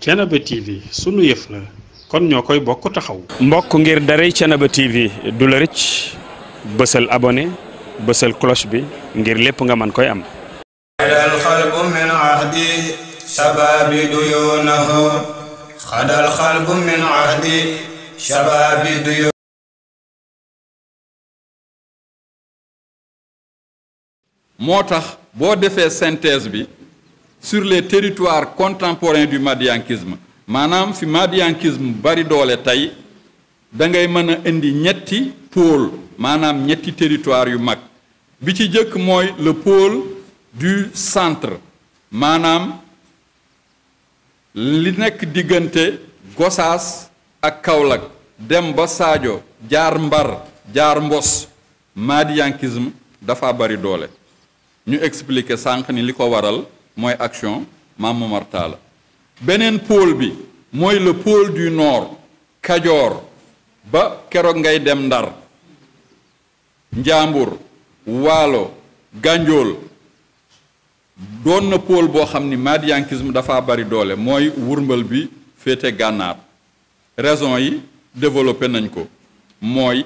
Thiénaba TV sunu yëf la kon ñoo koy bokk taxaw. mbokk ngir daray Thiénaba TV du la rëcc bësal abonné bësal cloche bi ngir lépp nga mën koy am. xadal xalbu min ahdi shababi duyunahu xadal xalbu min ahdi shababi duyunahu moo tax boo defee synthèse bi. sur les territoires contemporains du madiankisme maanaam fi madiankisme bari doole tey da ngay mën a indi ñetti pôle maanaam ñetti teritoire yu mag bi ci jëkk mooy le pôle du centre maanaam li nekk diggante gosaas ak Kaolack dem ba Sadio jaar Mbar jaar Mbos madiankisme dafa bari doole ñu expliquer sànq ni li ko waral mooy action Maam Momar Talla beneen pôle bi mooy la pôle du nord Kajoor ba keroog ngay dem Ndar Njaambur Waalo Gànjool doon na pôle boo xam ni madiankisme dafa bari doole mooy wurmbal bi féete gànnaar raison yi développé nañ ko mooy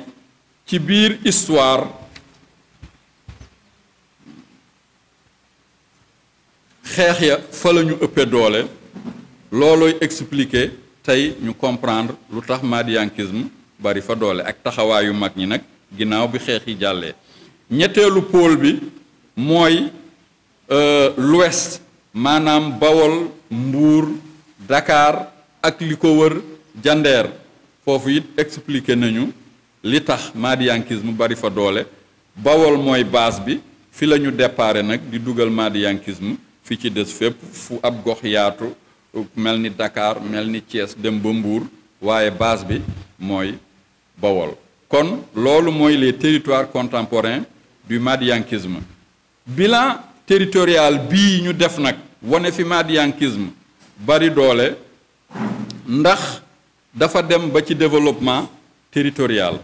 ci biir histoire xeex ya fa la ñu ëppee doole loolooy expliquer tey ñu comprendre lu tax madiankisme bari fa doole ak taxawaayu mag ñi nag ginnaaw bi xeex yi jàllee ñetteelu pôle bi mooy euh, l'ouest maanaam Bawol Mbuur dakaar ak li ko wër Jandeer foofu it expliqué nañu li tax madiankisme bari fa doole Bawol mooy base bi fi la ñu déparé nag di dugal madiankisme fi ci des fépp fu ab gox yaatu mel ni Dakar mel ni Thiès dem ba Mbour waaye base bi mooy Bawol kon loolu mooy les territoires contemporain du madiankisme bilan territorial bii ñu def nag wane fi madiankisme bari doole ndax dafa dem ba ci développement territorial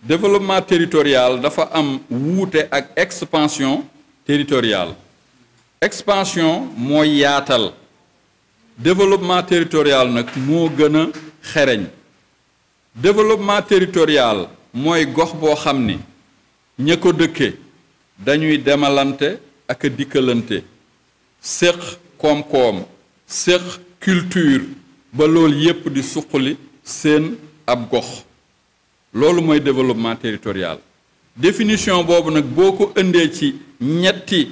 développement territorial dafa am wuute ak expansion territoriale expansion mooy yaatal développement territorial nag moo gën a xereñ développement territorial mooy gox boo xam ni ña ko dëkke dañuy demalante ak a dikkalante séq koom-koom séq culture ba loolu yépp di suqli seen ab gox loolu mooy développement territorial définition boobu nag boo ko indee ci ñetti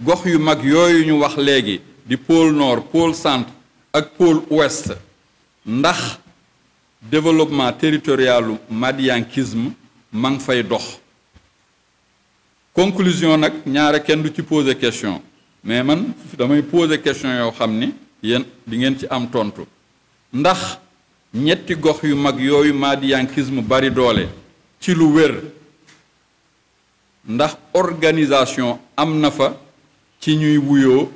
gox yu mag yooyu ñu wax léegi di pôle nord pôle sant ak pôle ouest ndax développement territorialu madiankisme ma ngi fay dox conclusion nag ñaare kenn du ci poser question mais man damay poser question yoo xam ni yéen di ngeen ci am tontu ndax ñetti gox yu mag yooyu madiankisme bari doole ci lu wér ndax organisation am na fa ci ñuy wuyoo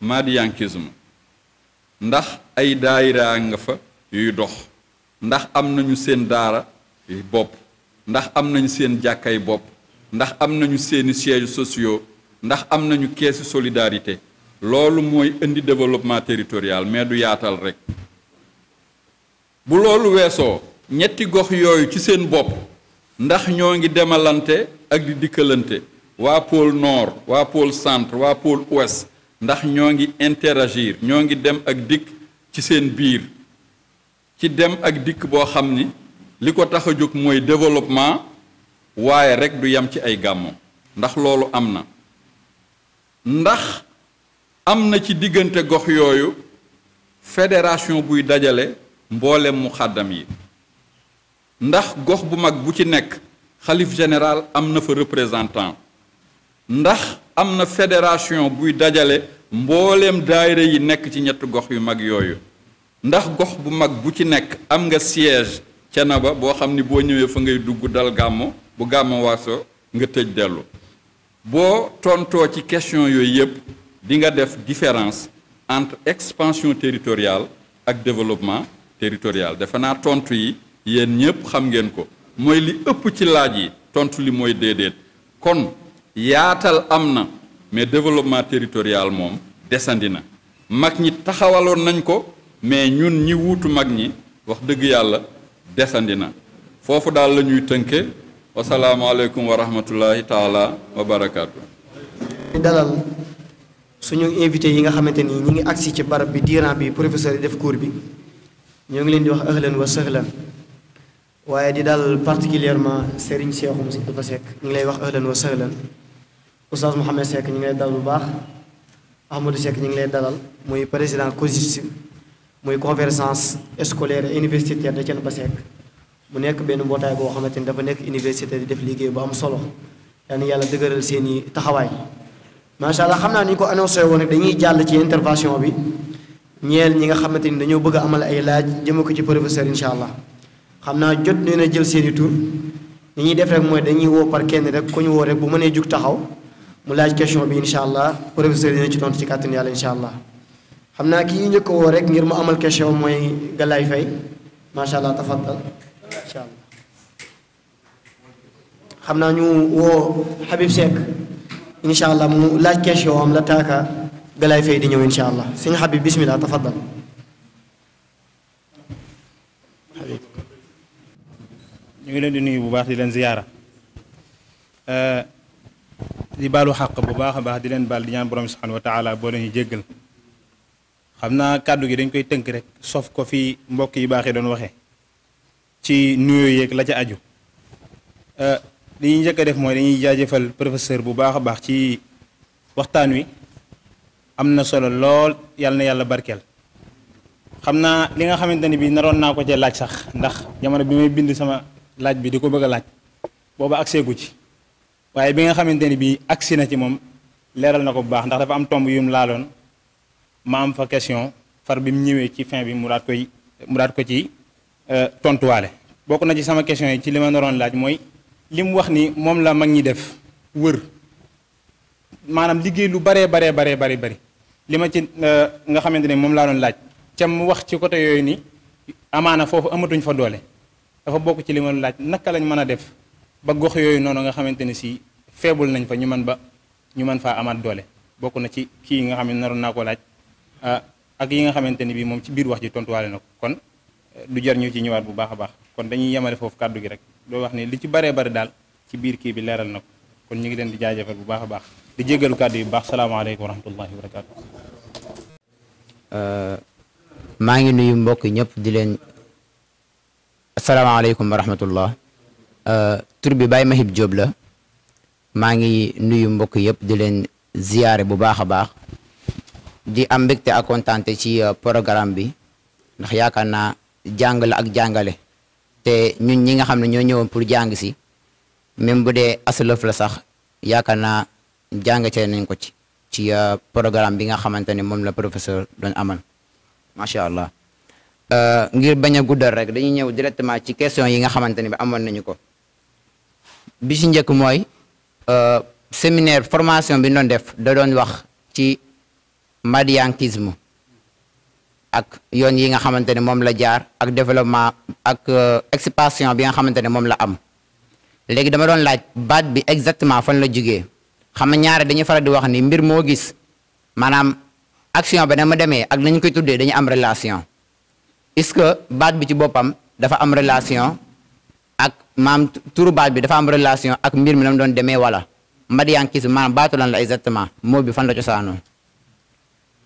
madiankisme ndax ay daayira nga fa yuy dox ndax am nañu seen daara bopp ndax am nañu seen jàkkay bopp ndax am nañu seeni siège sociaux ndax am nañu keesu solidarité loolu mooy indi développement territorial mais du yaatal rek bu loolu weesoo ñetti gox yooyu ci seen bopp ndax ñoo ngi demalante ak di dikkalante waa pôle nord waa pôle centre waa pôle ouest ndax ñoo ngi interagir ñoo ngi dem ak dikk ci seen biir ci dem ak dikk boo xam ni li ko tax a jóg mooy développement waaye rek du yem ci ay gàmmu ndax loolu am na ndax am na ci diggante gox yooyu fédération buy dajale mboolem mu xàddam yi ndax gox bu mag bu ci nekk xalif général am na fa représentant ndax am na fédération buy dajale mbooleem daayira yi nekk ci ñett gox yu mag yooyu ndax gox bu mag bu ci nekk am nga siège ca na ba boo xam ni boo ñëwee fa ngay dugg dal gàmmo bu gàmmo waaso nga tëj dellu boo tontoo ci question yooyu yëpp di nga def différence entre expansion territoriale ak développement territorial defe naa tontu yi yéen ñëpp xam ngeen ko mooy li ëpp ci laaj yi tontu li mooy déedéet kon yaatal am na mais développement territorial moom desandi na mag ñi taxawaloon nañ ko mais ñun ñi wuutu mag ñi wax dëgg yàlla desandi na foofu daal la ñuy tënke wasalaamaaleykum wa rahmatullahi taala wa barakaatu ñu dalal suñu invité yi nga xamante ni ñi ngi agsi ci barab bi diiran bi professeur yi def cours bi ñoo ngi leen di wax ahlan wa sahlan waaye di dalal particulièrement Serigne Cheikhoum si dafa Seck ñu ngi lay wax ahlan wa sahlan Oustaz Mouhamed Seck ñu ngi lay dalal bu baax Ahmadou Seck ñu ngi lay dalal muy président COSIS muy conférence scolaire et universitaire de ba Seck mu nekk benn mbootaay boo xamante ni dafa nekk université di def liggéey bu am solo yal na yàlla dëgëral seen i taxawaay. macha allah xam naa ni ñu ko annoncé woon rek dañuy jàll ci intervention bi ñeel ñi nga xamante ni dañoo bëgg amal ay laaj jëme ko ci professeur incha allah xam naa jot nee jël seen i tur ñuy def rek mooy dañuy woo par kenn rek ku ñu woo rek bu mënee jug taxaw. mu laaj question bi incha allah professeur dina ci tontu ci kàttan yàlla incha allah xam naa ki ñuy njëkk woo rek ngir mu amal question mooy Galaye Faye macha allah tafaddal xam naa ñu woo Habib Seck incha allah mu laaj question am la taaka Galaye Faye di ñëw incha allah sëñ Habib bismillah tafaddal Habib ngi leen di nuyu bu baax di leen ziyaara euh, di baalu xàq bu baax a baax di leen baal di ñaan borom subhaanahu wa taala boo leen jéggal xam naa kàddu gi dañ koy tënk rek sof ko fi mbokk yi baaxee doon waxe ci nuyoo yeeg la ca aju euh, li ñuy njëkk a def mooy dañuy jaajëfal professeur bu baax a baax ci waxtaan wi am na solo lool yàlla na yàlla barkeel xam naa li nga xamante ne bii naroon naa ko cee laaj sax ndax jamono bi muy bind sama laaj bi di ko bëgg a laaj booba ak ci. waaye bi nga xamante ni bii agsi na ci moom leeral na ko bu baax ndax dafa am tomb yu mu laaloon ma am fa question far bi mu ñëwee ci fin bi mu daat koy mu daat ko ci euh, tontuwaale. bokk na ci sama question yi ci li ma naroon laaj mooy li mu wax ni moom la mag ñi def wër maanaam liggéey lu baree bare baree bari bari li ma ci euh, nga xamante ni moom laa doon laaj cam mu wax ci côté yooyu ni amaana foofu amatuñ fa doole dafa bokk ci li ma doon laaj naka lañ mën a def ba gox feebul nañ fa ñu man ba ñu mën faa amaat doole bokk na ci kii nga xam ne naroon naa ko laaj ah, ak yi nga xamante ni bii moom ci biir wax ji tontuwaale na ko kon eh, du jar ñu ci ñëwaat bu baax a baax kon dañuy yemale foofu kàddu gi rek doo wax ne li ci baree bari daal ci biir kii bi leeral na ko kon ñu ngi leen di jaajëfal bu baax a baax di jéggalu kàddu yi bu baax salaamaaleykum wa rahmatullahi wa barakaatu eh, maa ngi nuyu mbokk ñëpp di leen asalaamaaleykum wa rahmatullah eh, tur bi Baye la maa ngi nuyu mbokk yëpp di leen ziyaare bu baax a baax di am mbégte ak kontaante ci euh, programme bi ndax yaakaar naa jàng la ak jàngale te ñun ñi nga xam ne ñoo ñëwoon pour jàng si même bu dee aslëf la sax yaakaar naa jàngatee nañ ko ci ci euh, programme bi nga xamante ne moom la professeur doon amal macha allah euh, ngir bañ a guddal rek dañuy ñëw directement ci question yi nga xamante ne bi amoon nañu ko bi si njëkk mooy Euh, séminaire formation bi ñu def da doon wax ci madiankisme ak yoon yi nga xamante ne moom la jaar ak développement ak euh, expansion bi nga xamante ne moom la am léegi dama doon laaj baat bi exactement fan la jugee xam nga ñaare dañuy faral di wax ni mbir moo gis maanaam action ba ne ma demee ak nañ koy tuddee dañu am relation est que baat bi ci boppam dafa am relation ak maam turu bi dafa am relation ak mbir mi la mu doon demee wala Madian Kiss maanaam baatu lan la exactement moo bi fan la cosaanoo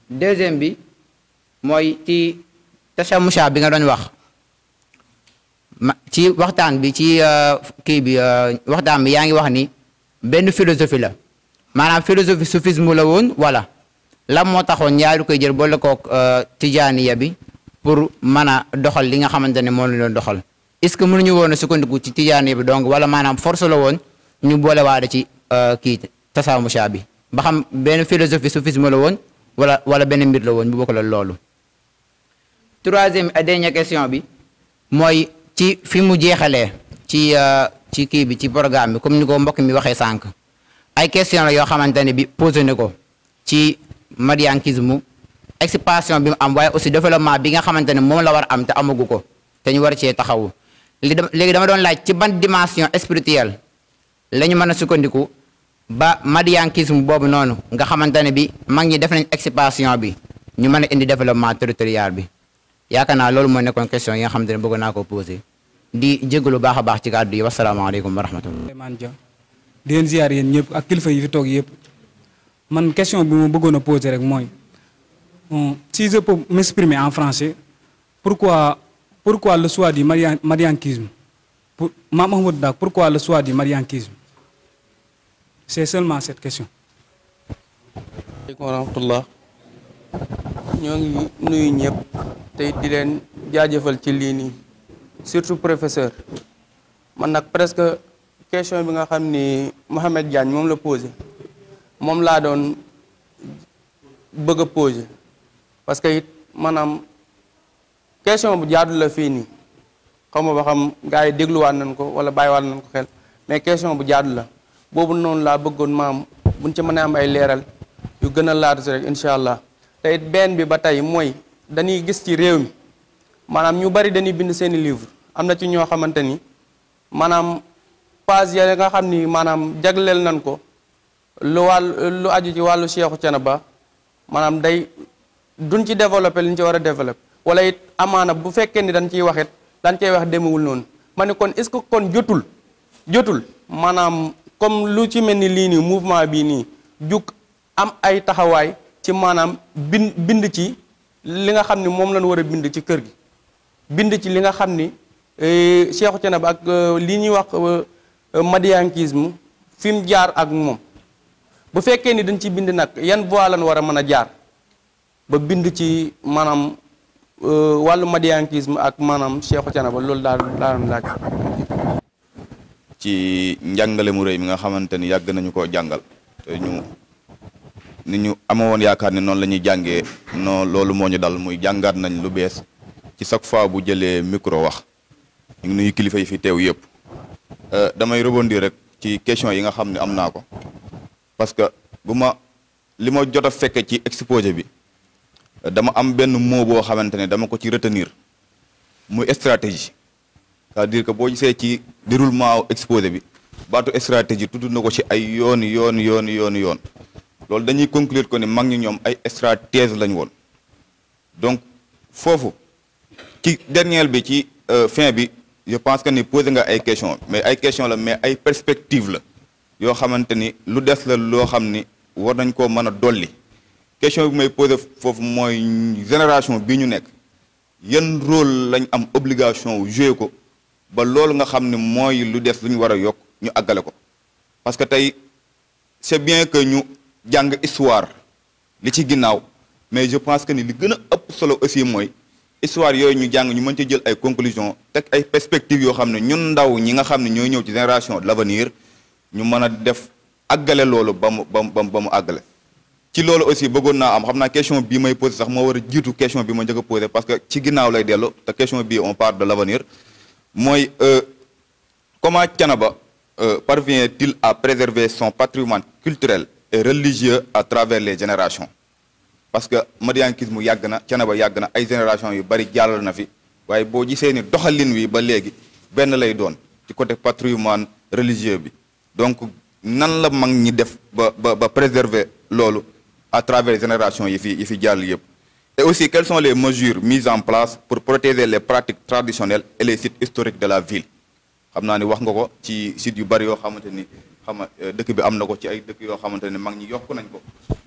deuxième bi mooy ci tachamusha bi nga doon wax ci waxtaan bi ci euh, kii bi euh, waxtaan bi yaa ngi wax ni benn philosophie la maanaam philosophie soufisme la woon wala lan moo taxoon ñaari koy jël boole koog euh, tijaaniya bi pour mën a doxal li nga xamante ne moo la doon doxal est-ce que mënuñu woon a sukkandiku ci tijaani bi donc wala maanam force la woon ñu boole waale ci euh, kii tasaamu sha bi ba xam benn philosophie soufisme la woon wala wala benn mbir la woon bu bokk la loolu. troisième et dernière question bi mooy ci fi mu jeexalee ci euh, ci kii bi ci programme bi comme ni ko mbokk mi waxee sànq ay question yoo xamante ne bi posé na ko ci mu expansion bi am waaye aussi développement bi nga xamante ne moom la war am te amagu ko te ñu war cee taxawu. léegi dama doon laaj ci ban dimension spirituelle la ñu mën a sukkandiku ba madiankisme boobu noonu nga xamante ne bi mag ñi def nañ expansion bi ñu mën a indi développement territorial bi yaakaar naa loolu moo nekkoon question yi nga xamante ne bëgg naa ko posé di jégalu baax a baax ci kàddu yi wasalaamaaleykum wa rahmatullah man ja di leen ziar ñëpp ak kilifa yi fi toog yëpp man question bi ma bëggoon a posé rek mooy si je peux en français pourquoi pourquoi le choix du mariankisme pour Maam Ahmadou pour pourquoi le choix du mariankisme c'est seulement cette question. aleykum wa rahmatullah ñoo ngi nuyu ñëpp tey di leen jaajëfal ci lii nii surtout professeur man nag presque question bi nga xam ni Mohamed Diagne moom la posé moom laa doon bëgg a posé parce que it maanaam. question bu jaadu la fii nii xaw ba xam gars yi dégluwaat nañ ko wala bàyyiwaat nañ ko xel mais question bu jaadu la boobu noonu laa bëggoon maam buñ ci mën a am ay leeral yu gën a laatu si rek incha allah te benn bi ba tey mooy dañuy gis ci réew mi maanaam ñu bari dañuy bind seeni livre am na ci ñoo xamante ni maanaam page ya nga xam ni maanaam jagleel nañ ko lu wàllu lu aju ci wàllu Seexu ba maanaam day duñ ci développé liñ ci war a développé wala it amaana bu fekkee ni dañ ciy waxit dañ cay wax demewul noonu ma ne kon est-ce que kon jotul jotul maanaam comme lu ci mel ni lii nii mouvement bii nii jug am ay taxawaay ci maanaam bind bind ci li nga xam ni moom lañ war a bind ci kër gi bind ci li nga xam ni e, Cheikhou Thiénaba ak e, li ñuy wax e, madiankisme fi mu jaar ak moom bu fekkee ni dañ ci bind nag yan voie lañ war a mën a jaar ba bind ci maanaam Euh, wàllu madiankisme ak maanaam Cheikhou ba loolu daal daal laaj. ci njàngale mu rëy mi nga xamante ni yàgg nañu koo jàngal te ñu ni ñu amoon yaakaar ne noonu la ñuy jàngee non loolu moo ñu dal muy jàngaat nañ lu bees ci chaque fois bu jëlee micro wax ñu kilifa yi fi teew yëpp euh, damay rebondir rek ci question yi nga xam ne am naa ko parce que bu ma li ma jot a fekke ci exposé bi. dama am benn mot boo xamante ne dama ko ci retenir muy stratégie c'est-à-dire que boo gisee ci déroulement exposé bi baatu stratégie tudd na ko ci ay yoon yoon yoon yoon yoon loolu dañuy conclure ko ni mag ñi ñoom ay stratège lañ woon donc foofu ci dernier bi ci euh, fin bi je pense que ni posé nga ay question mais ay question la mais ay perspective la yoo xamante ni lu des la loo xam ni war nañ koo mën a dolli question bi may posé foofu mooy génération bi ñu nekk yan rôle lañ am obligation wu ko ba loolu nga xam ne mooy lu des lu ñu war a yokk ñu àggale ko parce que tey c'est bien que ñu jàng histoire li ci ginnaaw mais je pense que nii li gën a ëpp solo aussi mooy histoire yooyu ñu jàng ñu mën ci jël ay conclusion tek ay perspective yoo xam ne ñun ndaw ñi nga xam ne ñooy ñëw ci génération de l'avenir ñu mën a def àggale loolu ba mu ba mu ba mu àggale ci loolu aussi bëggoon naa am xam na question bi may posé sax moo war a jiitu question bi ma njëkk a posé parce que ci ginnaaw lay dellu te question bi on parle de l'avenir mooy euh, comment Thiénaba euh, parvient-il à préserver son patrimoine culturel et religieux à travers les générations parce que mu yàgg na Thiénaba yàgg na ay génération yu bari jàllal na fi waaye boo gisee ni doxalin wi ba léegi benn lay doon ci côté patrimoine religieux bi donc nan la mag ñi def ba ba ba loolu à travers les générations yi fi yi fi jàll yëpp et aussi quelles sont les mesures mises en place pour protéger les pratiques traditionnelles et les sites historiques de la ville xam naa ni wax nga ko ci sites yu bari yoo xamante ni xama euh, dëkk bi am na ko ci ay dëkk yoo xamante ne mag ñi yokk nañ ko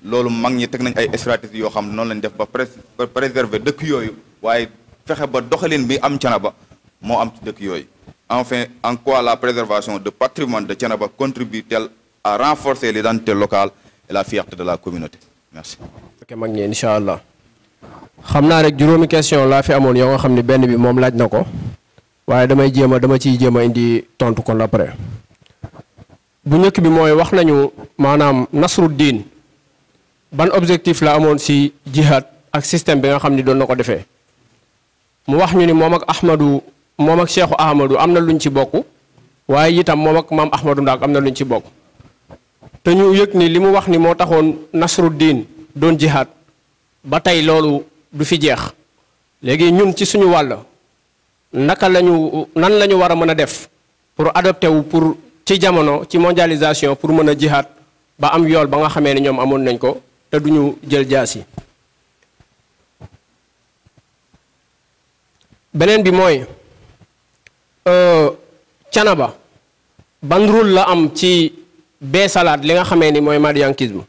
loolu mag ñi teg nañ ay stratégies yoo xam ne noonu lañ def ba préserver dëkk yooyu waaye fexe ba doxalin bi am Thiénaba moo am ci dëkk yooyu enfin en quoi la préservation de patrimoine de Thiénaba contribue-t-elle à renforcer l'identité locale et la fierté de la communauté merci. mag ñi incha allah. xam naa rek juróomi question laa fi amoon yoo nga xam ne benn bi moom laaj na ko. waaye damay jéem a dama ciy jéem a indi tontu kon après. bu njëkk bi mooy wax nañu maanaam nasru diin ban objectif la amoon si jihad ak système bi nga xam ni doon na ko defee. mu wax ñu ni moom ak Ahmadu moom ak Cheikhu Ahmadu am na luñ ci bokk. waaye itam moom ak maam Ahmadu ndaa am na luñ ci bokk. te ñu yëg ni li mu wax ni moo taxoon nasruddin doon jihaad ba tey loolu du fi jeex léegi ñun ci suñu wàll naka lañu nan la ñu war a mën a def pour adopté wu pour ci jamono ci mondialisation pour mën a jihaad ba am yool ba nga xamee ne ñoom amoon nañ ko te duñu jël jaas yi beneen bi mooy euh, canaba ban la am ci bee salaat li nga xamee ni mooy madiankisme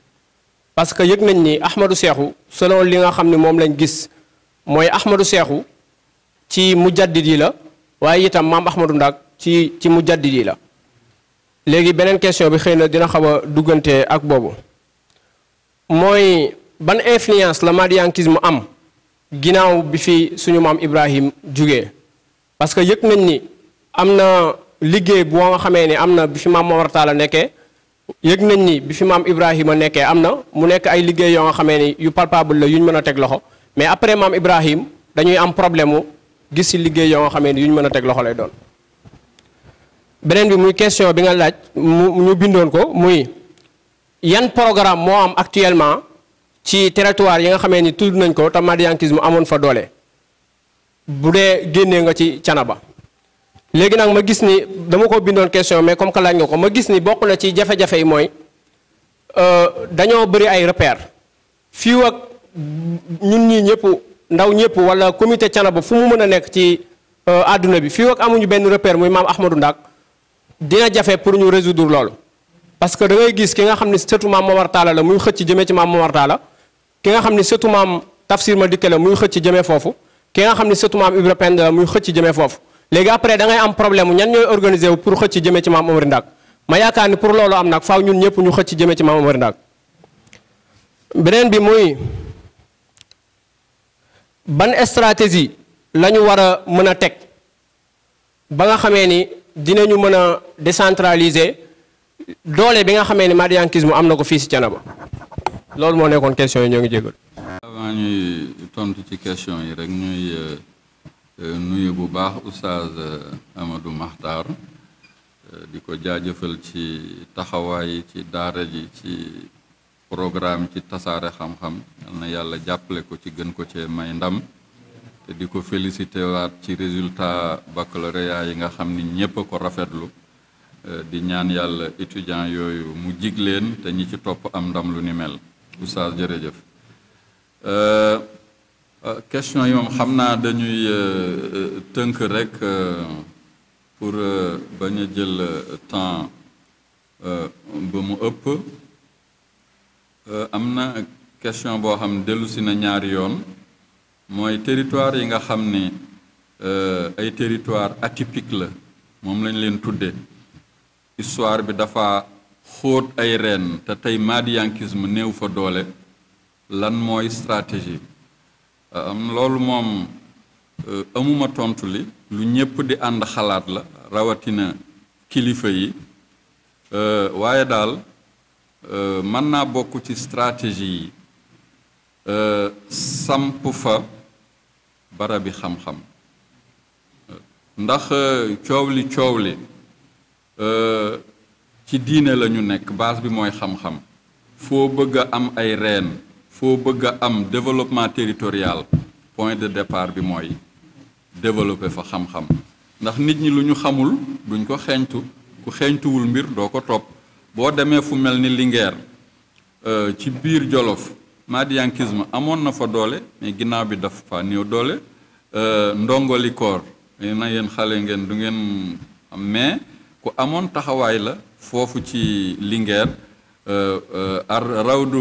parce que yëg nañ ni Ahmadou Seexu selon li nga xam ne moom lañ gis mooy Ahmadou Seexu ci mujaddid yi la waaye itam maam Ahmadou Ndak ci ci mujaddid yi la léegi beneen question bi xëy na dina xaw a duggante ak boobu mooy ban influence la madiankisme am ginnaaw bi fi suñu maam Ibrahim jugee parce que yëg nañ ni am na liggéey boo nga xamee ni am na bi fi maam Mor Talla nekkee yëg nañ ni bi fi maam Ibrahima nekkee am na mu nekk ay liggéey yoo nga xamee ni yu palpable la yu ñu mën a teg loxo mais après maam Ibrahima dañuy am problème mu gis si liggéey yoo nga xamee ni yu ñu mën a teg loxo lay doon. beneen bi muy question bi nga laaj mu mu bindoon ko muy yan programme moo am actuellement ci territoire yi nga xamee ni tudd nañ ko te mu amoon fa doole bu dee génnee nga ci Canaba. léegi nag ma gis ni dama ko bindoon question mais comme que laaj nga ko ma gis ni bokk na ci jafe-jafe yi mooy euh, dañoo bëri ay repères fii ak ñun ñii ñëpp ndaw ñëpp wala comité Thiénaba fu mu mën a nekk ci euh, àdduna bi fii ak amuñu benn repère muy maam Ahmadou Ndak dina jafe pour ñu résoudre loolu. parce que da ngay gis ki nga xam ne surtout maam Momar Talla la muy xëcc jëmee ci maam Momar Talla ki nga xam ne surtout maam Tafsir Madické la muy xëcc jëmee foofu ki nga xam ne surtout maam Ibra Pend muy xëcc jëmee foofu. léegi après dangay am problème ñan ñooy organiser wu pour xëcc jëmee ci maam Omar Ndak ma yaakaar ni pour loolu am nag faaw ñun ñëpp ñu xëcc jëmee ci maam Omar Ndak bi muy ban stratégie lañu ñu war a mën a teg ba nga xamee ni dina ñu mën a décentraliser doole bi nga xamee ni madiankisme am na ko fii si Thiénaba loolu moo nekkoon question yi ñoo ngi jégal. ci question yi rek ñuy. Euh, Euh, nuyu bu baax oustaz euh, Amadou Makhtar euh, di ko jaajëfal ci taxawaay ci daara ji ci programme ci tasaare xam-xam yal na yàlla jàppale ko ci gën ko ci may ndam te di ko félicité waat ci résultat baccalauréat yi nga xam ni ñépp ko rafetlu di ñaan yàlla étudiant yooyu mu jig leen te ñi ci topp am ndam lu ni mel oustaz jërëjëf Euh, question yi moom xam naa dañuy euh, euh, tënk rek pour bañ a jël temps ba mu ëpp am na question boo xam ne dellusi na ñaari yoon mooy territoire yi nga xam ni ay territoire atypique la moom lañ leen tudde histoire bi dafa xóot ay reen te tey maadiyankisme néew fa doole lan mooy stratégie loolu moom euh, amuma tontu li lu ñépp di ànd xalaat la rawatina kilifa yi euh, waaye daal euh, mën naa bokk ci stratégie yi samp fa barabi xam-xam ndax coow li coow li ci diine la ñu nekk baas bi mooy xam-xam foo bëgg a am ay reen foo bëgg a am développement territorial point de départ bi mooy développer fa xam-xam ndax nit ñi lu ñu xamul duñ ko xeeñtu ku xeeñtuwul mbir doo ko topp boo demee fu mel ni Linguère euh, ci biir Jolof madiankisme amoon na fa doole mais ginnaaw bi daf fa néew doole euh, ndongoli koor na yéen xale ngeen du ngeen mais ku amoon taxawaay la foofu ci Linguère Euh, euh, rawdu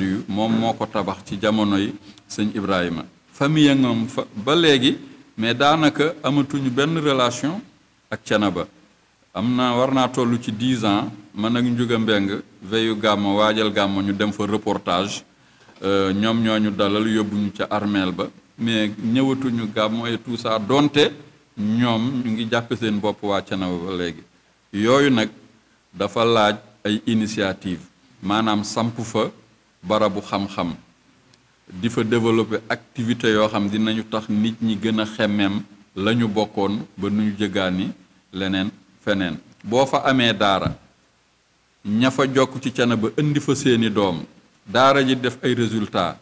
yu moom moo ko tabax ci jamono yi sëñ Ibrahima famille ngam fa ba léegi mais daanaka amatuñu benn relation ak Thiénaba am na war naa toll ci dix ans man ak Njuga Mbeng veyu gàmmo waajal gàmmo ñu dem fa reportage euh, ñoom ñoo ñu dalal yóbbuñu ca armeel ba mais ñëwatuñu gàmmo et tout donte ñoom ñu ngi jàppe seen bopp waa Thiénaba ba léegi yooyu nag dafa laaj ay initiative maanaam samp fa barabu xam-xam di fa développer activité yoo xam dinañu tax nit ñi gën a xemmeem la ñu bokkoon ba nuñu jëgaani leneen feneen boo fa amee daara ña fa jokk ci cana ba indi fa seeni doom daara ji def ay résultat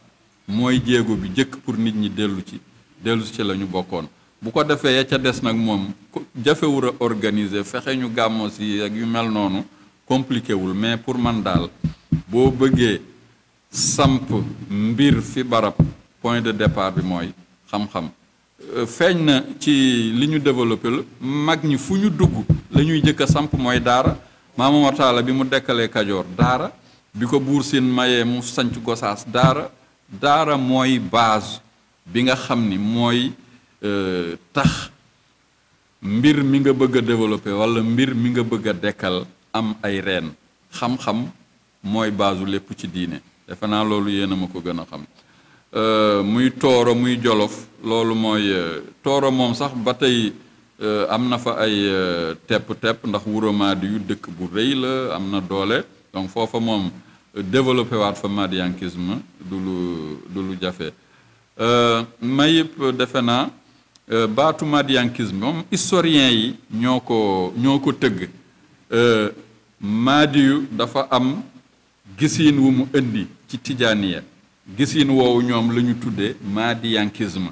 mooy jéego bi jëkk pour nit ñi dellu ci dellu ci la ñu bokkoon bu ko defee ya ca des nag moom jafewur a organiser fexe ñu gàmmo si ak yu mel noonu compliqué wul mais pour man daal boo bëggee samp mbir fi barab point de départ bi mooy xam-xam euh, feeñ na ci li ñu développé la mag ñi fu ñu dugg la ñuy njëkk a samp mooy daara Maam Mor bi mu dekkalee Kajoor daara bi ko buur Siin mayee mu sanc Gosaas daara daara mooy base bi nga xam ni mooy euh, tax mbir mi nga bëgg a développé wala mbir mi nga bëgg a dekkal am ay reen xam-xam mooy baasu lépp ci diine defe loolu yéen a ma ko gën a xam euh, muy tooro muy jolof loolu mooy euh, tooro moom sax ba tey euh, am na fa ay tepp-tepp ndax wuramaadi yu dëkk bu rëy la am na doole donc foofa moom développé waat fa madiankisme du lu du lu jafe ma defe naa baatu madiankisme moom historien yi ñoo ko ñoo ko tëgg Euh, maadiyu dafa am gisiin wu mu indi ci tijaaniya gisiin woowu ñoom la ñu tuddee maadiyankisme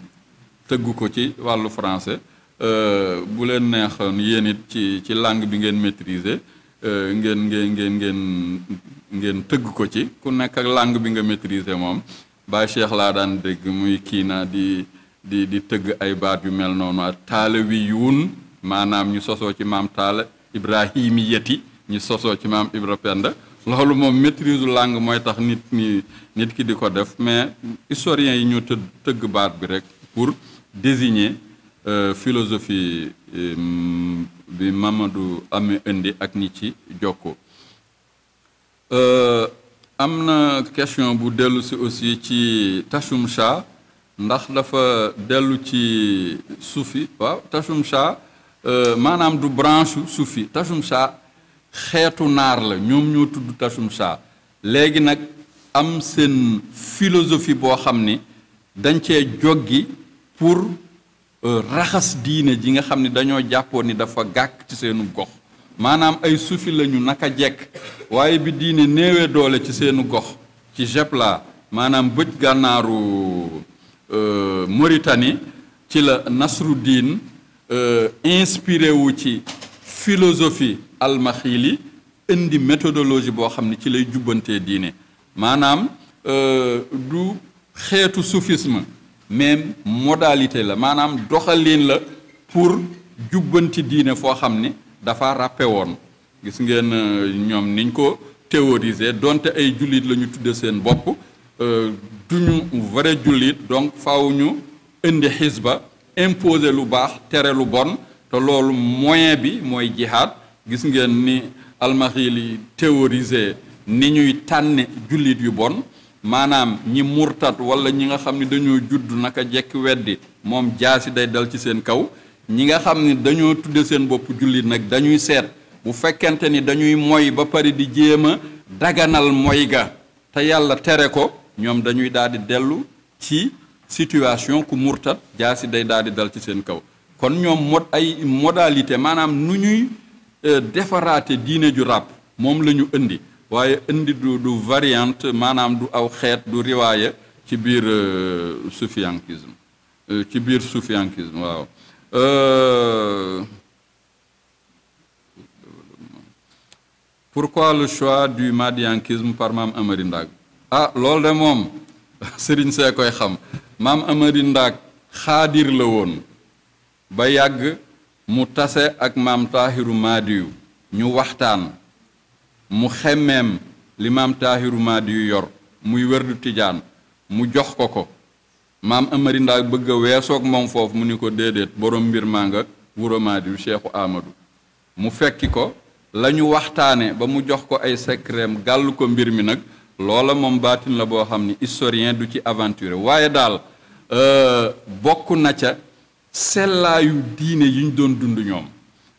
tëgg ko ci wàllu français euh, bu leen neexoon yéen it ci ci langue bi ngeen maîtriser euh, ngeen ngeen ngeen ngeen ngeen tëgg ko ci ku nekk ak langue bi nga maîtriser moom Baay Cheikh laa daan dégg muy kiina di di di tëgg ay baat yu mel noonu taala wi yuun maanaam ñu sosoo ci maam taala ibrahimiyati ñu sosoo ci maam Ibra Penda loolu moom maîtrise langue mooy tax nit ñi nit ki di ko def mais historiens yi ñu të tëgg baat bi rek pour désigner euh, philosophie euh, bi Mamadou ami indi ak ñi ci jokkoo euh, am na question bu dellu si aussi ci Tashum ndax dafa dellu ci suufi waaw Tashum Euh, maanaam du branche sufi tasum xeetu naar la ñoom ñoo tudd tasum léegi nag am seen philosophie boo xam ni dañ cee joggi pour euh, raxas diine ji nga xam ni dañoo jàppoon ni dafa gàkk ci seenu gox maanaam ay sufi lañu naka jekk waaye bi diine néewee doole ci seenu gox ci jepla maanaam bëj gànnaaru euh, Mauritanie ci la diin Euh, inspiré wu ci philosophie almaxiili indi méthodologie boo xam ne ci lay jubbantee diine maanaam euh, du xeetu soufisme même modalité la maanaam doxalin la pour jubbanti diine foo xam ni dafa ràppe woon gis ngeen euh, ñoom niñ ko théoriser donte ay jullit la ñu tudde seen bopp duñu vrai jullit donc faw ñu indi xisba imposer lu baax tere lu bon te loolu moyen bi mooy jihaad gis ngeen ni almaxili théorisé ni ñuy tànne jullit yu bon maanaam ñi murtat wala ñi nga xam ni dañoo judd naka jekk weddi moom jaasi day dal ci seen kaw ñi nga xam ni dañoo tudde seen bopp jullit nag dañuy seet bu fekkente ni dañuy moy ba pare di jéem a daganal moy ga te yàlla tere ko ñoom dañuy daal di dellu ci situation ku murtat jaasi day daal di dal ci seen kaw kon ñoom modalité maanaam nu ñuy euh, defaraate diine ju ràpp moom lañu indi waaye indi du du variante maanaam du aw xeet du riwaaya ci biir euh, sufiankisme euh, ci biir sufiankisme waaw pourquoi le choix du madiankisme par maam Amari Ndag ah loolu de moom sëriñ see koy xam maam amari ndaak xaadir la woon ba yàgg mu tase ak maam taahiru maadiyu ñu waxtaan mu xemmeem li maam taahiru maadiyu yor muy wérdu tijaan mu jox ko ko maam amari ndaak bëgg a weesoog moom foofu mu ni ko déedéet borom mbir maa nga wuro maadiyu cheikhu amadou mu fekki ko lañu waxtaane ba mu jox ko ay secret gàll ko mbir mi nag loola moom baatin la boo xam ni historien du ci aventure waaye daal euh, bokk na ca sellaayu diine yi ñu doon dund ñoom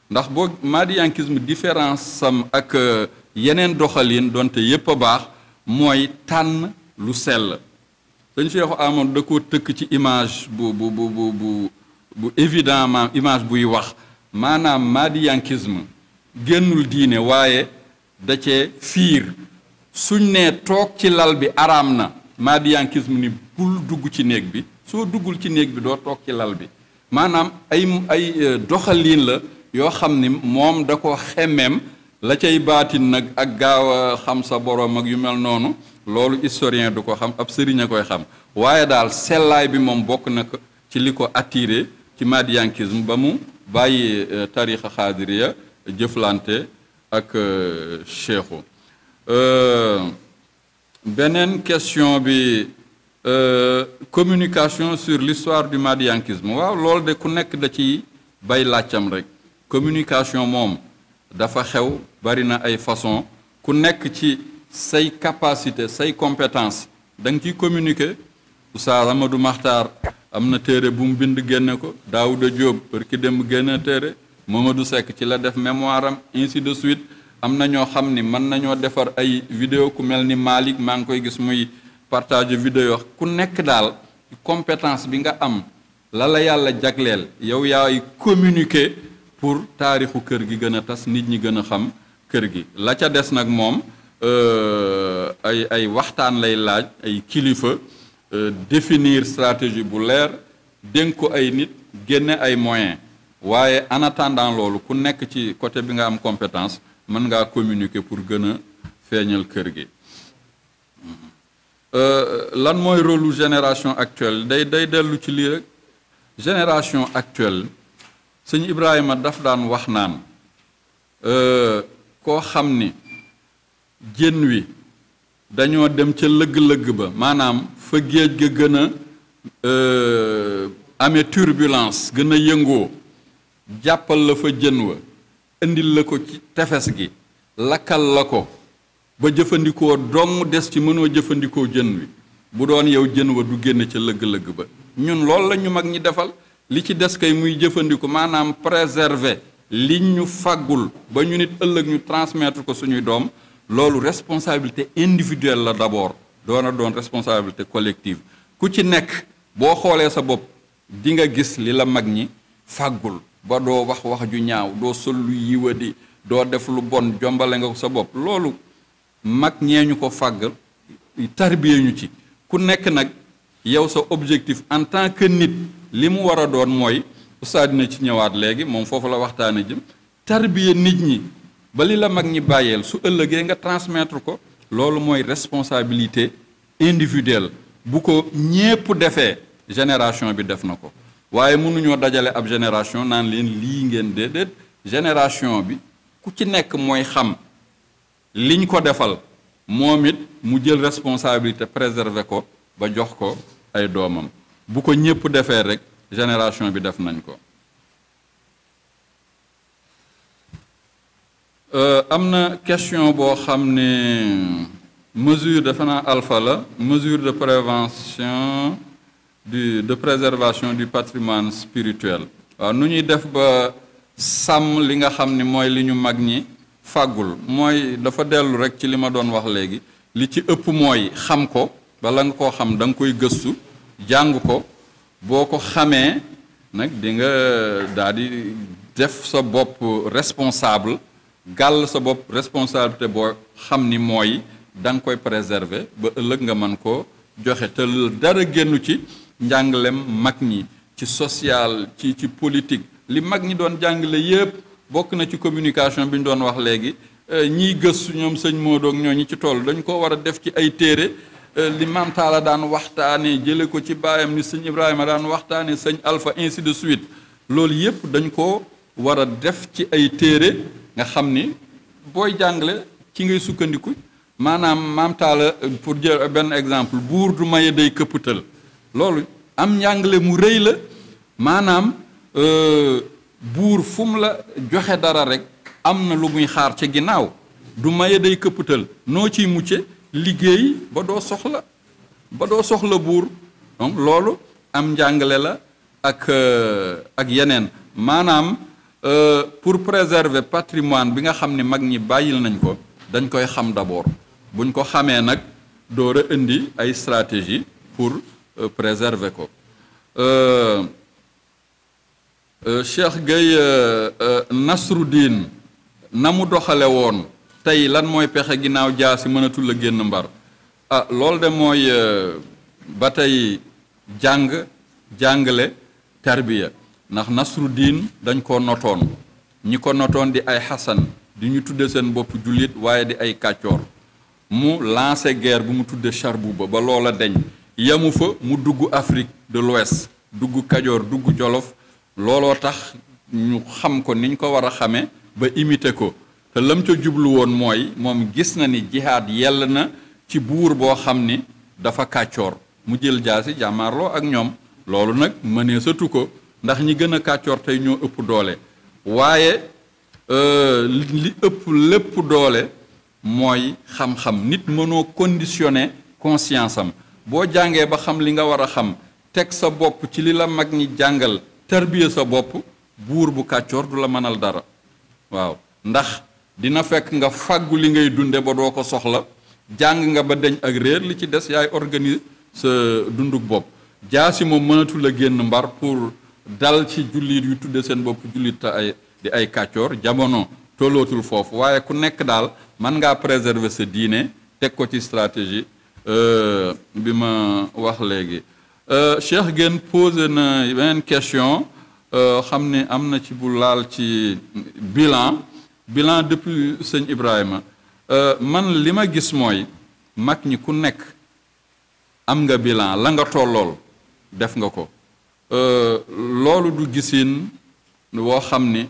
ndax boo maadiyankisme différence sam ak euh, yeneen doxaliin donte yépp a baax mooy tànn lu sell sëñ Cheikh amoon da koo tëkk ci image bu bu bu bu bu image buy wax maanaam maadiyankisme génnul diine waaye da cee fiir suñ nee toog ci lal bi araam na maadiyankisme ni bul dugg ci néeg bi soo duggul ci néeg bi doo toog ci lal bi maanaam ay ay euh, doxaliin la yoo xam ni moom da ko xemeem la cay baatin nag ak gaaw a xam sa boroom ak yu mel noonu loolu historien du ko xam ab sëriñ a koy xam waaye daal sellaay bi moom bokk na ko ci li ko attiré ci maadiyankisme ba mu bàyyi euh, tarixa xaadiriya jëflante ak euh, cheikhu Euh, beneen question bi euh, communication sur l'histoire du madiankisme waaw lool de ku nekk da ci bay làccam rek communication moom dafa xew bari na ay façon ku nekk ci say capacité say compétence da nga ciy communiquer Oustaz Amadou Makhtar am na téere bu mu bind génne ko Daouda Diop bërki dem génne téere moom Mamadou sekk ci la def mémoire am ainsi de suite am na ñoo xam ni mën nañoo defar ay vidéo ku mel ni Malick maa ngi koy gis muy partage vidéo ku nekk daal compétence bi nga am lala yàlla jagleel yow yaay communiquer pour taarixu kër gi gën a tas nit ñi gën a xam kër gi la ca des nag moom euh, ay ay waxtaan lay laaj ay kilifa euh, définir stratégie bu leer dénk ko ay nit génne ay moyens waaye en loolu ku nekk ci côté bi nga am compétence mën ngaa communiquer pour gën a feeñal kër gi euh, lan mooy rôlu génération actuelle day day dellu ci lii rek génération actuelle sëñ Ibrahima daf daan wax naan euh, koo xam ni jën wi dañoo dem ca lëgg-lëgg ba maanaam fa géej ga gën a euh, amee turbulence gën a yëngoo jàppal la fa jën wa indil la ko ci tefes gi lakkal la ko ba jëfandikoo dong des ci mënoo jëfandikoo jën wi bu doon yow jën wa du génn ca lëgg-lëgg ba ñun loolu la ñu mag ñi defal li ci des kay muy jëfandiku maanaam préserver li ñu faggul ba ñu nit ëllëg ñu transmettre ko suñuy doom loolu responsabilité individuelle la d'abord doona doon responsabilité collective ku ci nekk boo xoolee sa bopp di nga gis li la mag ñi faggul ba doo wax wax ju ñaaw doo sol lu di doo def lu bon jombale nga sa bopp loolu mag ñee ñu ko fàggal tarbiye ñu ci ku nekk nag yow sa objectif en tant que nit li mu war a doon mooy ustaad dina ci ñëwaat léegi moom foofu la waxtaane jëm tarbiye nit ñi bali la mag ñi bàyyeel su ëllëgee nga transmettre ko loolu mooy responsabilité individuelle bu ko ñépp defee génération bi def na ko waaye mënuñoo dajale ab génération naan leen lii ngeen déedéet génération bi ku ci nekk mooy xam liñ ko defal moom it mu jël responsabilité préserver ko ba jox ko ay doomam bu ko ñépp defee rek génération bi def nañ ko euh, am na question boo xam ne mesure defe naa alpha la mesure de prévention du de préservation du patrimoine spirituel waaw nu ñuy def ba sàmm li nga xam ni mooy li ñu mag ñi faggul mooy dafa dellu rek ci li ma doon wax léegi li ci ëpp mooy xam ko bala nga koo xam da nga koy gëstu jàng ko boo ko xamee nag di nga daal di def sa bopp responsable gàll sa bopp responsabilité boo xam ni mooy da nga koy préserver ba ëllëg nga mën ko joxe te dara génnu ci njàngalem mag ñi ci social ci ci politique li mag ñi doon jàngale yépp bokk na ci communication bi ñu doon wax léegi euh, ñiy gëstu ñoom sëñ Modou ñoo ñooñu ci toll dañu ko war a def ci ay téere euh, li maam Talla daan waxtaanee jële ko ci baayam ni sëñ Ibrahima daan waxtaanee sëñ Alpha ainsi de suite loolu yépp dañu ko war a def ci ay téere nga xam ni booy jàngale ci ngay sukkandiku maanaam maam Talla euh, pour jël benn exemple buur du maye day këpputal loolu am njàngale mu rëy la maanaam euh, buur fu mu la joxe dara rek am na lu muy xaar ci ginnaaw du maye day këppatal noo ciy mucce liggéey ba doo soxla ba soxla buur donc loolu am njàngale la ak euh, ak yeneen maanaam euh, pour préserver patrimoine bi nga xam ni mag ñi bàyyil nañ ko dañ koy xam d'abord buñ ko xamee nag door a indi ay stratégie pour Euh, préserver ko euh, euh, Cheikh Gueye Nasruddin na mu doxale woon tey lan mooy pexe ginnaaw jaar si mënatul a génn mbar ah loolu de mooy ba tey jàng jàngale tarbiya ndax Nasruddin dañ ko notoon ñi ko notoon di ay xasan di ñu tudde seen boppu jullit waaye di ay kàccoor mu lancé guerre bu mu tuddee Charboub ba ba loola deñ yamu fa mu dugg Afrique de l'Ouest dugg Kajoor dugg Jolof looloo tax ñu xam ko niñ ko war a xamee ba imité ko te lam ca jublu woon mooy moom gis na ni jihaad yell na ci buur boo xam ni dafa kàccoor mu jël jaasi jàmmaarloo ak ñoom loolu nag mënee satu ko ndax ñi gën a kàccoor tey ñoo ëpp doole waaye euh, li ëpp lépp doole mooy xam-xam nit mënoo conditionné conscience am boo jàngee ba xam li nga war a xam teg sa bopp ci li la mag ñi jàngal tarbiya sa bopp buur bu kàccoor du la mënal dara waaw ndax dina fekk nga fàggu li ngay dunde ba doo ko soxla jàng nga ba deñ ak réer li ci des yaay organise sa dunduk bopp jaasi ma mënatul a génn mbar pour dal ci jullit yu tuddee seen bopp jullit te ay di ay kàccoor jamono tollootul foofu waaye ku nekk daal mën ngaa préserver sa diine teg ko ci stratégie euh, bi ma wax léegi euh, Cheikh Guène posé na beneen question euh, xam ne am na ci bu laal ci bilan bilan depuis sëñ Ibrahima euh, man li ma gis mooy mag ñi ku nekk am nga bilan la nga tollool def nga ko loolu du gisin woo xam ni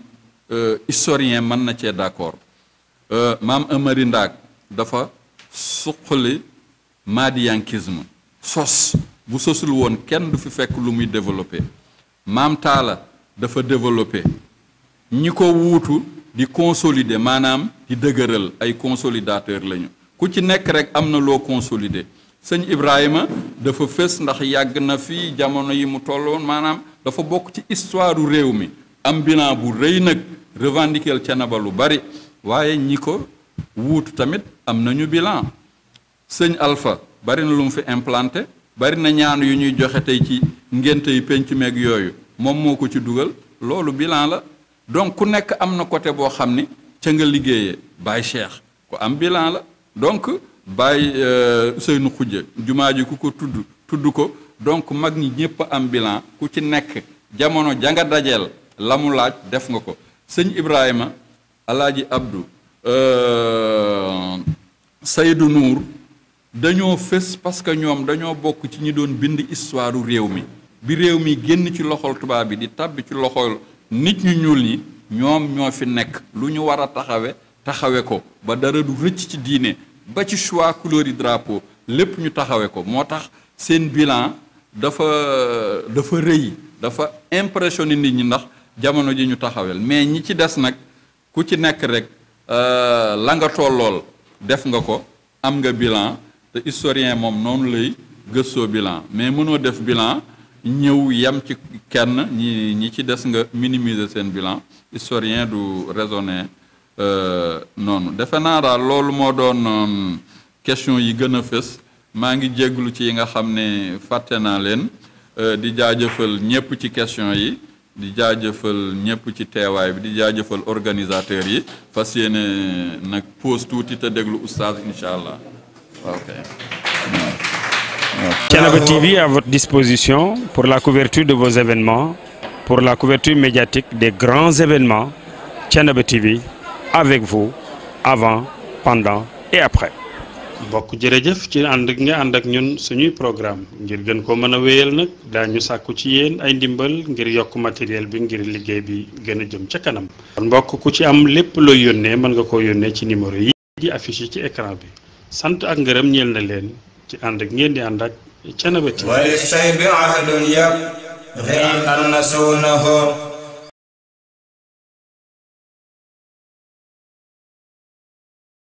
historien mën na cee d'accord maam Amari Ndaak dafa suqali maadiyankisme sos bu sosul woon kenn du fi fekk lu muy développé maam taala dafa développé ñi ko wuutu di consolider maanaam di dëgëral ay consolidateur lañu ku ci nekk rek am na loo consolider sëñ ibraayima dafa fës ndax yàgg na fi jamono yi mu tolloon maanaam dafa bokk ci histoire réew mi am bilan bu rëy nag revendiquer Thiénaba lu bari waaye ñi ko wuutu tamit am nañu bilan sëñ Alpha bari na lu mu fi implanté bari na ñaan yu ñuy joxe tey ci ngénte yi penc meeg yooyu moom moo ko ci dugal loolu bilan la donc ku nekk am na côté boo xam ni ca nga liggéeyee Baye Cheikh ku am bilan la donc Baye euh, Seynu Xujje jumaa ji ku ko tudd tudd ko donc mag ñi ñëpp am bilan ku ci nekk jamono ja nga dajeel la mu laaj def nga ko sëñ Ibrahima Alaaji Abdou euh, Seydou nuur dañoo fës parce que ñoom dañoo bokk ci ñi doon bind histoire réew mi bi réew mi génn ci loxol tubaab bi di tàbbi ci loxol nit ñu ñuul ñi ñoom ñoo fi nekk lu ñu war a taxawe taxawe ko ba dara du rëcc ci diine ba ci choix couleur drapo lépp ñu taxawe ko moo tax seen bilan dafa dafa rëy dafa impressionné nit ñi ndax jamono ji ñu taxaweel mais ñi ci des nag ku ci nekk rek euh, la nga tollool def nga ko am nga bilan te moom noonu lay gëstoo bilan mais mënoo def bilan ñëw yem ci kenn ñi ñi ci des nga minimiser seen bilan historien du raisonner euh, noonu defe naa daal loolu moo doon euh, question yi gën a fës maa ngi jéglu ci yi nga xam ne fàtte naa leen euh, di jaajëfal ñëpp ci question yi di jaajëfal ñëpp ci teewaay bi di jaajëfal organisateurs yi fas yéene nag pause tuuti te déglu oustaz incha allah Thiénaba TV à votre disposition pour la couverture de vos événements, pour la couverture médiatique des grands événements. Thiénaba bi avec vous avant, pendant et après. mbokk jërëjëf ci ànd ak nga ànd ak ñun suñuy programme ngir gën ko mën a wéyal nag daañu sàkku ci yéen ay ndimbal ngir yokk matériel bi ngir liggéey bi gën a jëm ca kanam. kon mbokk ku ci am lépp looy yónnee mën nga koo yónnee ci numéro yi di affiché ci écran bi. sant ak ngërëm ñeel na leen ci ànd ak ngeen di ànd ak Thiénaba TV wali say bi ahadun yàpp ri an annasuunahu